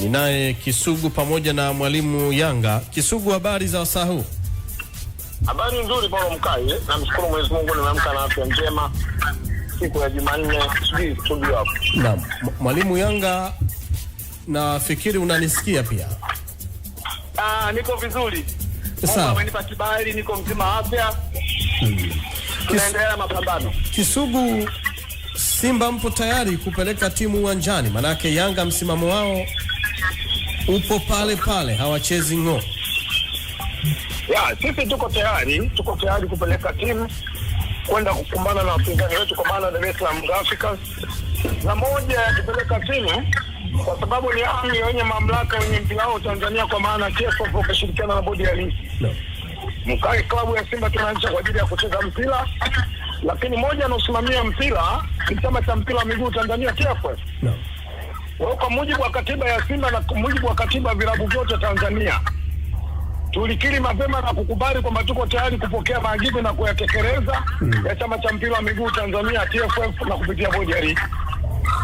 ninaye Kisugu pamoja na mwalimu Yanga. Kisugu, habari za wasaa huu? Habari nzuri bwana Mkai, namshukuru Mwenyezi Mungu nimeamka na afya njema siku ya Jumanne. Sijui studio hapo. Naam, mwalimu Yanga, nafikiri unanisikia pia? Ah, niko vizuri. Sawa, amenipa kibali, niko mzima afya. Hmm. Tunaendelea mapambano. Kisugu, Simba mpo tayari kupeleka timu uwanjani? Manake Yanga msimamo wao upo pale pale, hawachezi ng'o. Ya, sisi tuko tayari, tuko tayari kupeleka timu kwenda kukumbana na wapinzani wetu kwa maana Dar es Salaam Africans, na moja ya kupeleka timu kwa sababu ni ami wenye mamlaka wenye mpira wao Tanzania, kwa maana TFF wakishirikiana na bodi ya ligi no. Mkae klabu ya Simba tunaanza kwa ajili ya kucheza mpira, lakini moja anaosimamia mpira ni chama cha mpira wa miguu Tanzania TFF no. Kwa kwa mujibu wa katiba ya Simba na kwa mujibu wa katiba vilabu vyote Tanzania tulikiri mapema na kukubali kwamba tuko tayari kupokea maagizo na kuyatekeleza mm. ya chama cha mpira wa miguu Tanzania TFF na kupitia bodi ya ligi.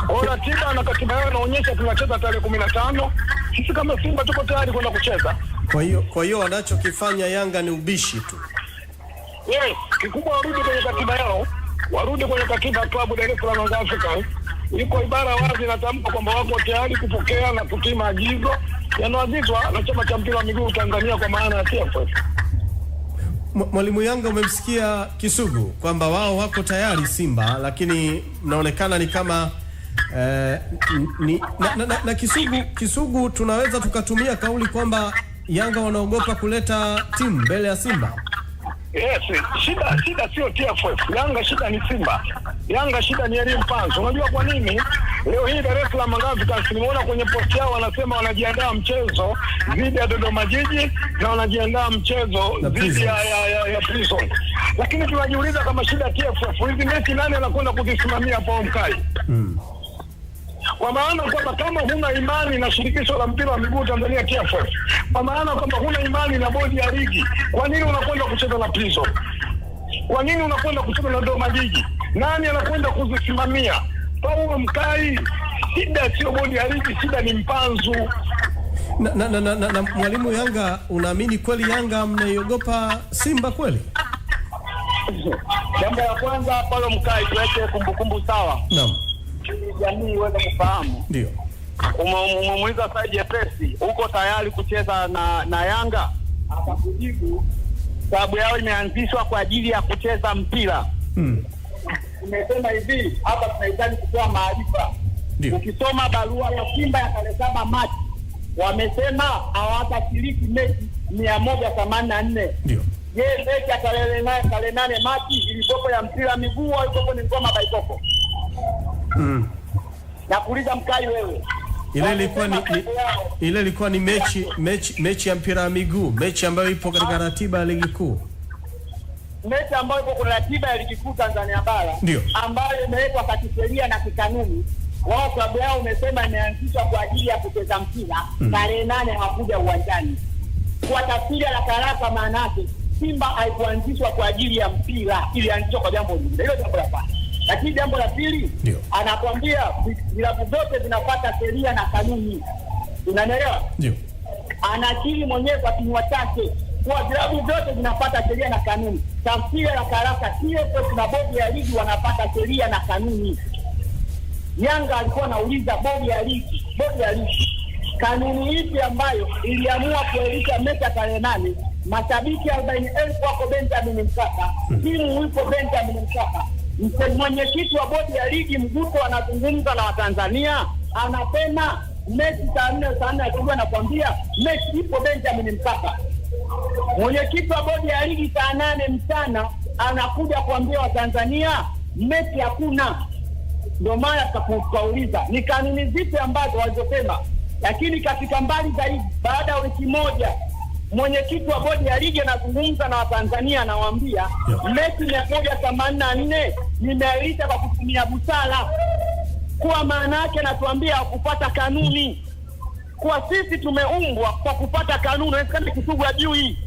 Kwa ratiba na katiba yao inaonyesha tunacheza tarehe 15. tano. Sisi kama Simba tuko tayari kwenda kucheza. Kwa hiyo kwa hiyo wanachokifanya Yanga ni ubishi tu. Yes, kikubwa warudi kwenye katiba yao, warudi kwenye katiba ya klabu Dar es Salaam Africa iko ibara wazi inatamka kwamba wako tayari kupokea na kutii maagizo yanaagizwa na chama cha mpira wa miguu Tanzania kwa maana ya TFF. Mwalimu Yanga, umemsikia Kisugu kwamba wao wako tayari Simba, lakini mnaonekana ni kama eh, ni, na, na, na, na Kisugu, Kisugu tunaweza tukatumia kauli kwamba Yanga wanaogopa kuleta timu mbele ya Simba. Yes, shida shida sio TFF. Yanga shida ni Simba. Yanga shida ni Elim Panzo. Unajua kwa nini? Leo hii Dar es Salaam Africans nimeona kwenye post yao wanasema wanajiandaa mchezo dhidi ya Dodoma Jiji na wanajiandaa mchezo dhidi ya ya, ya, ya Prison. Lakini tunajiuliza kama shida TFF. Hizi mechi nani anakwenda kuzisimamia Paul Mkai? Mm kwa maana kwamba kama huna imani na shirikisho la mpira wa miguu Tanzania TFF, kwa maana kwamba huna imani na bodi ya ligi, kwa nini unakwenda kucheza na Prison? Kwa nini unakwenda kucheza na Dodoma Jiji? Nani anakwenda kuzisimamia? Paulo Mkai. Shida sio bodi ya ligi, shida ni mpanzu na, na, na, na, na, na mwalimu. Yanga, unaamini kweli Yanga mnaiogopa Simba kweli? Jambo la kwanza, Paulo Mkai, tuweke kumbukumbu sawa. Naam jamii iweze kufahamu. Ndio umemuuliza Said Jepesi, uko tayari kucheza na na Yanga? Akakujibu klabu yao imeanzishwa kwa ajili ya kucheza mpira. Mm. Umesema hivi hapa tunahitaji kutoa maarifa. Ukisoma barua ya Simba ya tarehe saba Machi wamesema hawatashiriki mechi mia moja themanini na nne. Je, mechi ya tarehe nane Machi ilikopo ya mpira miguu au ilikopo ni ngoma baikoko? Mm. Nakuuliza mkali wewe. Ile ilikuwa ni, ni ile ilikuwa ni mechi mechi mechi ya mpira wa miguu, mechi ambayo ipo katika ratiba ya ligi kuu. Mechi ambayo ipo katika ratiba ya ligi kuu Tanzania bara ndio ambayo imewekwa katika sheria na kikanuni. Wao klabu yao umesema imeanzishwa kwa ajili ya kucheza mpira hmm. tarehe mm. nane hawakuja uwanjani. Kwa tafsiri ya karaka, maana yake Simba haikuanzishwa kwa ajili ya mpira, ilianzishwa kwa jambo lingine. Hilo jambo la kwanza. Lakini jambo la pili, anakwambia vilabu vyote vinapata sheria na kanuni, unanielewa? Ndio anakiri mwenyewe kwa kinywa chake kuwa vilabu vyote vinapata sheria na kanuni. Tafsiri ya karaka TFF na bodi ya ligi wanapata sheria na kanuni. Yanga alikuwa anauliza bodi ya ligi, bodi ya ligi kanuni ipi ambayo iliamua kuelisha mecha tarehe nane mashabiki arobaini elfu wako Benjamin Mkapa, hmm. timu ipo Benjamin Mkapa mwenyekiti wa bodi ya ligi Mguto anazungumza na Watanzania, anasema mechi saa nne saa nne asubuhi, anakuambia mechi ipo Benjamin Mkapa. Mwenyekiti wa bodi ya ligi saa nane mchana anakuja kuambia Watanzania mechi hakuna. Ndio maana tukauliza ni kanuni zipi ambazo walizosema, lakini katika mbali zaidi, baada ya wiki moja mwenyekiti wa bodi ya ligi anazungumza na Watanzania, anawaambia mechi mia moja themanini na nne nimeahirisha kwa kutumia busara, kuwa maana yake anatuambia kupata kanuni, kuwa sisi tumeumbwa kwa kupata kanuni. Inawezekana Kisugu hii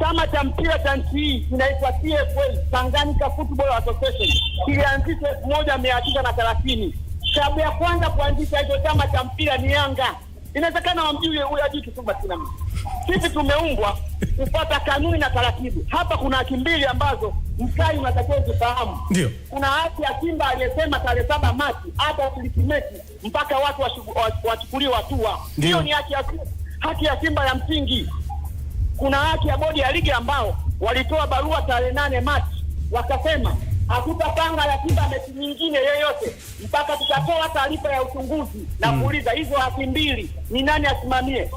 chama cha mpira cha nchi hii kinaitwa TFL, Tanganyika Football Association, kilianzishwa elfu moja mia tisa na thelathini. Klabu ya kwanza kuanzisha hicho chama cha mpira ni Yanga. Inawezekana wamjui huyo ajui basi. Sisi tumeumbwa kufuata kanuni na taratibu. Hapa kuna haki mbili ambazo mkai unatakiwa kufahamu. Ndio. Kuna haki ya Simba aliyesema tarehe saba Machi hata tulikimeti mpaka watu wachukuliwe hatua. Hiyo ni haki ya haki ya Simba ya msingi. Kuna haki ya bodi ya ligi ambao walitoa barua tarehe nane Machi wakasema hakutapanga ratiba mechi nyingine yoyote mpaka tutatoa taarifa ya uchunguzi na hmm. kuuliza hizo haki mbili ni nani asimamie.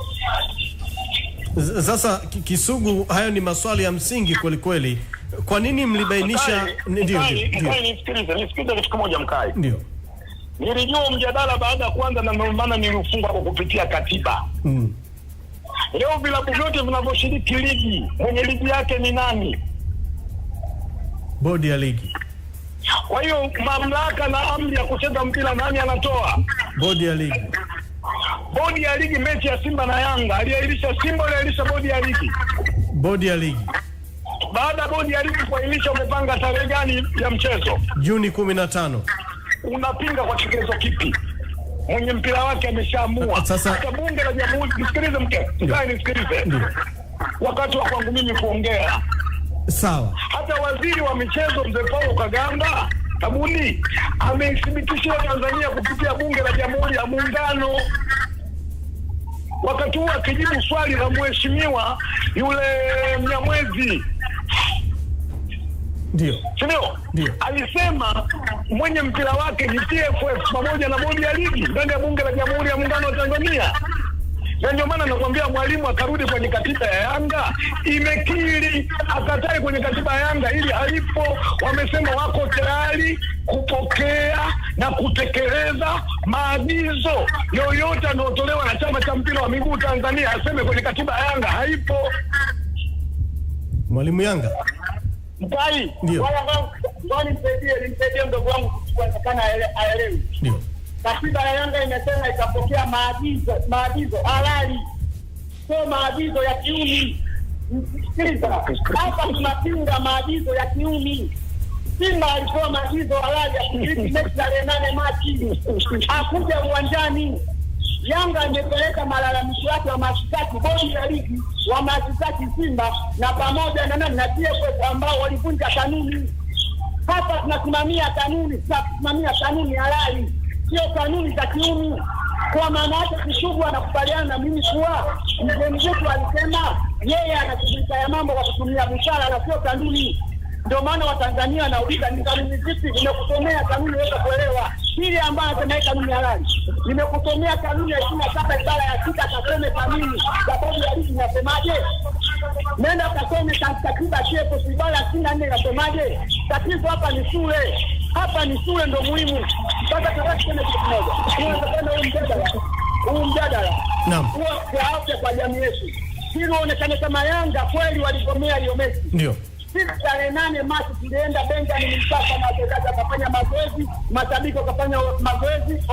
Sasa Kisugu, hayo ni maswali ya msingi kweli kweli. Kwa nini mlibainisha? Ndio, nisikilize nisikilize kitu kimoja, mkai ndio nilijua mjadala baada ya kwanza, na ndio maana niliufunga kwa kupitia katiba. Mm. Leo vilabu vyote vinavyoshiriki ligi, mwenye ligi yake ni nani? Bodi ya ligi kwa hiyo mamlaka na amri ya kucheza mpira nani anatoa? Bodi ya ligi. Bodi ya ligi. Mechi ya Simba na Yanga aliahirisha Simba, aliahirisha bodi ya ligi. Bodi ya ligi. Baada ya bodi ya ligi kuahirisha, umepanga tarehe gani ya mchezo? Juni kumi na tano. Unapinga kwa kigezo kipi? Mwenye mpira wake ameshaamua. Ah, sasa bunge la jamhuri, nisikilize mke, nisikilize wakati wa kwangu mimi kuongea Sawa. Hata waziri wa michezo mzee Paulo Kagamba Kabudi ameithibitishia Tanzania kupitia bunge la Jamhuri ya Muungano, wakati huo akijibu swali la mheshimiwa yule Mnyamwezi, ndio ndio, alisema mwenye mpira wake ni TFF pamoja na bodi ya ligi ndani ya bunge la Jamhuri ya Muungano wa Tanzania na ndio maana nakwambia mwalimu akarudi kwenye katiba ya Yanga, imekiri akatai kwenye katiba ya Yanga ili haipo. Wamesema wako tayari kupokea na kutekeleza maagizo yoyote yanayotolewa na chama cha mpira wa miguu Tanzania, aseme kwenye katiba ya Yanga haipo. Mwalimu Yanga mtai, ndio nisaidie, nimsaidie mdogo wangu aelewe ndio Katiba ya Yanga imesema itapokea maagizo maagizo halali, sio maagizo ya kiumi. Msikiliza hapa, tunapinga maagizo ya kiumi. Simba alitoa maagizo halali ya kushiriki mechi tarehe nane Machi, akuja uwanjani. Yanga imepeleka malalamisho yake wa mashtaki bodi ya ligi wa mashtaki Simba na pamoja na nani na TFF ambao walivunja kanuni. Hapa tunasimamia kanuni, tunasimamia kanuni halali sio kanuni za kiumi. Kwa maana yake Kishugu anakubaliana na mimi kuwa mzee mzetu alisema yeye anashughulika ya mambo kwa kutumia busara na sio kanuni. Ndio maana Watanzania wanauliza ni kanuni zipi zimekusomea kanuni weza kuelewa ile ambayo anasema hii kanuni halali. Nimekusomea kanuni ya ishirini na saba ibara ya sita, kaseme kanuni za bodi ya ligi inasemaje. Nenda kasome katiba shepo ibara ya sitini na nne inasemaje. Tatizo hapa ni shule, hapa ni shule ndo muhimu. Sasa tunataka kitu kimoja. Tunasema huu mjadala, huu mjadala kwa afya kwa jamii yetu. Sisi onekane kama Yanga kweli waligomea hiyo mechi. Ndio. Sisi tarehe nane Machi tulienda Benjamin Mkapa na wachezaji wakafanya mazoezi, mashabiki wakafanya mazoezi,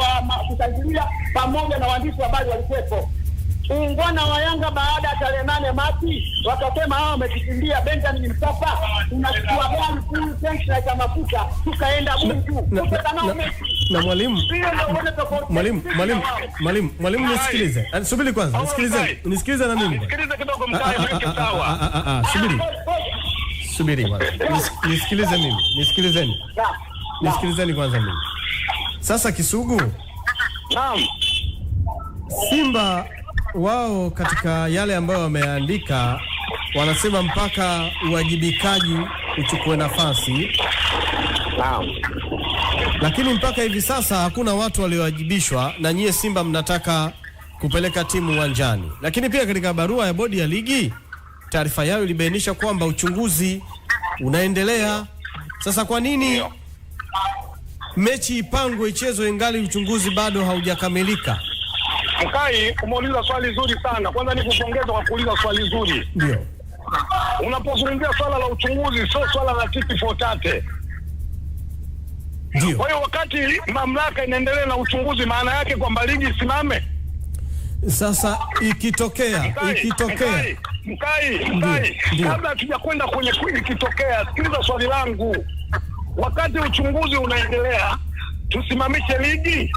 kushangilia pamoja na waandishi wa habari walikuwepo ungwana wa Yanga baada ya tarehe nane Machi wakasema hao wamekikimbia Benjamin Mkapa, unachukua gari full tenki na mafuta tukaenda Bunju. Na mwalimu mwalimu mwalimu mwalimu mwalimu, nisikilize, ah, subiri kwanza, nisikilize nisikilize na mimi, nisikilize kidogo, mkae sawa, subiri subiri, nisikilize mimi, nisikilizeni, nisikilizeni kwanza mimi. Sasa Kisugu, naam, Simba wao katika yale ambayo wameandika wanasema mpaka uwajibikaji uchukue nafasi. Naam. Lakini mpaka hivi sasa hakuna watu waliowajibishwa, na nyie Simba mnataka kupeleka timu uwanjani. Lakini pia katika barua ya bodi ya ligi, taarifa yao ilibainisha kwamba uchunguzi unaendelea. Sasa kwa nini mechi ipangwe ichezwe ingali uchunguzi bado haujakamilika? Mkai, umeuliza swali zuri sana. Kwanza ni kupongeza kwa kuuliza swali zuri. Ndio. Unapozungumzia swala la uchunguzi, sio swala la titi fotate. Ndio. Kwa hiyo wakati mamlaka inaendelea na uchunguzi, maana yake kwamba ligi isimame. Sasa ikitokea mkai, ikitokea Mkai, Mkai, kabla hatujakwenda kwenye ikitokea, sikiliza swali langu. Wakati uchunguzi unaendelea, tusimamishe ligi?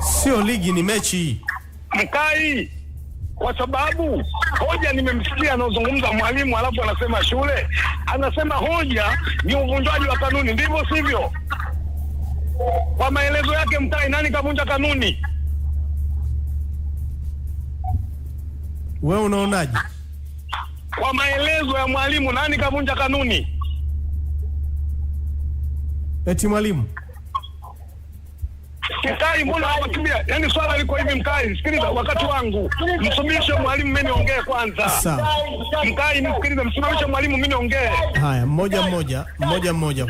Sio ligi, ni mechi mkai, kwa sababu hoja nimemsikia anaozungumza mwalimu, alafu anasema shule, anasema hoja ni uvunjwaji wa kanuni. Ndivyo sivyo? Kwa maelezo yake, mkai, nani kavunja kanuni? Wewe unaonaje? Kwa maelezo ya mwalimu, nani kavunja kanuni? Eti mwalimu Mkali mbona hawakimbia? Yaani swala liko hivi Mkai, sikiliza wakati wangu. Msumishe mwalimu mimi niongee kwanza. Sawa. Mkali nisikilize, msumishe mwalimu mimi niongee. Haya, mmoja mmoja, mmoja mmoja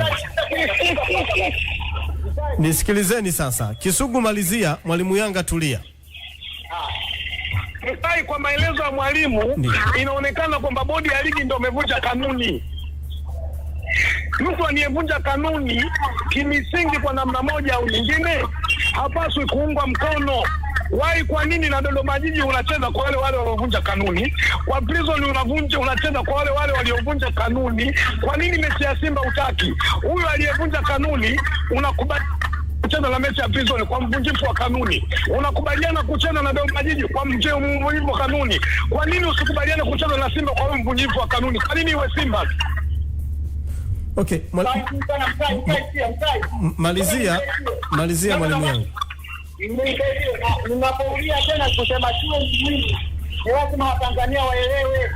Nisikilizeni sasa. Kisugu malizia, mwalimu Yanga tulia. Mkali, kwa maelezo ya mwalimu inaonekana kwamba bodi ya ligi ndio imevunja kanuni mtu anayevunja kanuni kimisingi kwa namna moja au nyingine hapaswi kuungwa mkono. Wai, kwa nini na Dodoma Jiji unacheza kwa wale wale waliovunja kanuni? Kwa Prison unavunja unacheza kwa wale wale waliovunja kanuni. Kwa nini mechi ya Simba utaki? Huyu aliyevunja kanuni unakubali kucheza na mechi ya Prison kwa mvunjifu wa kanuni, unakubaliana kucheza na Dodoma Jiji kwa mvunjifu wa kanuni. Kwa nini usikubaliane kucheza na Simba kwa mvunjifu wa kanuni? Kwa nini iwe Simba? Okay, malizia malizia, mwalimu wangu. Ninapoulia tena kusema mjini, ni lazima Watanzania waelewe.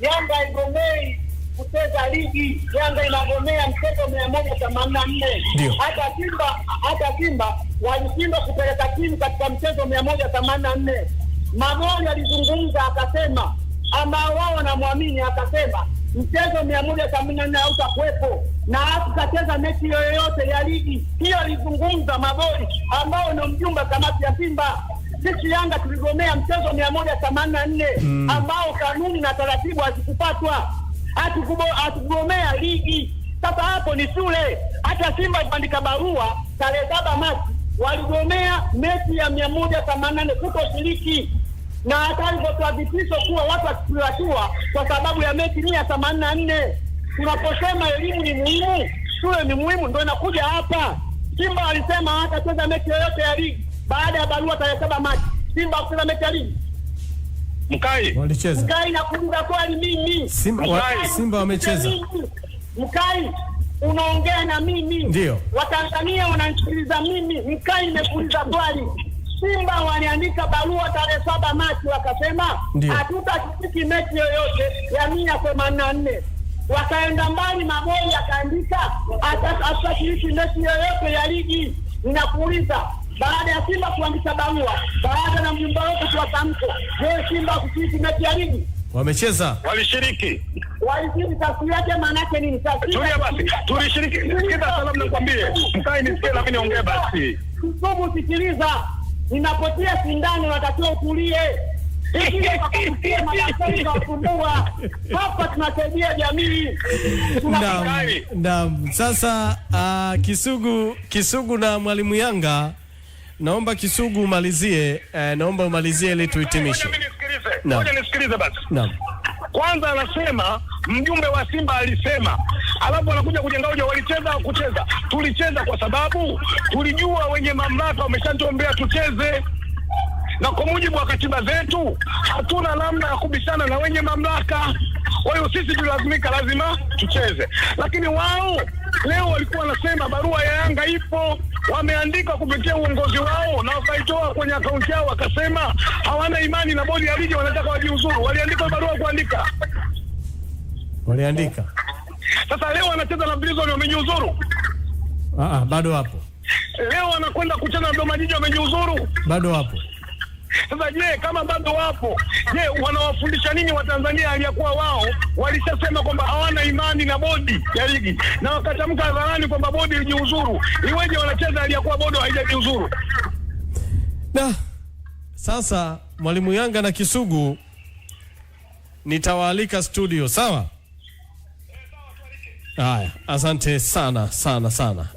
Yanga igomei kucheza ligi, Yanga inagomea mchezo mia moja nne. Hata Simba hata Simba walishindwa kupeleka timu katika mchezo mia moja nne. Magoli alizungumza akasema, ambao wao wanamwamini akasema mchezo mia moja themanini na nne hautakuwepo na halafu kacheza mechi yoyote ya ligi hiyo. Alizungumza Mabori ambao ndio mjumbe kamati ya Simba. Sisi Yanga tuligomea mchezo mia moja themanini na nne mm, ambao kanuni na taratibu hazikupatwa hatugomea ligi. Sasa hapo ni shule. Hata Simba ipandika barua tarehe saba Machi, waligomea mechi ya mia moja themanini na nne kutoshiriki na hata alivyotoa kuwa watu wakiulakiwa kwa sababu ya mechi mia themanini na nne. Tunaposema elimu ni muhimu, shule ni muhimu, ndo inakuja hapa. Simba walisema hatacheza mechi yoyote ya ligi baada ya barua tarehe saba Machi. Simba kucheza mechi ya ligi Mkai walicheza Mkai na kuuliza mimi Simba, wa, Simba wamecheza Mkai unaongea na mimi ndio Watanzania wananisikiliza mimi Mkai nimekuuliza swali Simba waliandika barua tarehe saba Machi wakasema hatutashiriki mechi yoyote ya mia themanini na nne wakaenda mbali, Magoli akaandika hatutashiriki mechi yoyote ya ligi. Ninakuuliza, baada ya Simba kuandika barua, baada na mjumba wote kuwa tamko, je, Simba kushiriki mechi ya ligi? Wamecheza, walishiriki, walishiriki. Tafsiri yake maana yake nini? Tulia basi, tulishiriki. Sikiza salamu, nakwambie mkae nisikie, lakini ongea basi, msomo, sikiliza ninapotia sindano natakiwa utulie tunasaidia Naam, sasa uh, Kisugu Kisugu na Mwalimu Yanga, naomba Kisugu umalizie, eh, naomba umalizie ili tuhitimishe. Naam. Nisikilize basi. Naam. Kwanza anasema mjumbe wa Simba alisema, alafu anakuja kujenga hoja, walicheza kucheza? Tulicheza kwa sababu tulijua wenye mamlaka wameshatuombea tucheze na kwa mujibu wa katiba zetu hatuna namna ya kubishana na wenye mamlaka. Kwa hiyo sisi tulazimika, lazima tucheze, lakini wao leo walikuwa wanasema barua ya Yanga ipo, wameandika kupitia uongozi wao na wakaitoa kwenye akaunti yao, wakasema hawana imani na bodi ya ligi, wanataka wajiuzuru. Waliandika barua kuandika, waliandika. Sasa leo wanacheza na Prison, wamejiuzuru? Ah, ah bado hapo. Leo wanakwenda kucheza na Dodoma Jiji, wamejiuzuru? Bado hapo. Sasa je, kama bado wapo, je, wanawafundisha nini Watanzania aliyakuwa wao walishasema kwamba hawana imani na bodi ya ligi na wakatamka hadharani kwamba bodi ilijiuzuru? Iweje wanacheza aliyakuwa bodi haijajiuzuru? Na sasa mwalimu Yanga na Kisugu, nitawaalika studio, sawa? Haya, asante sana sana sana.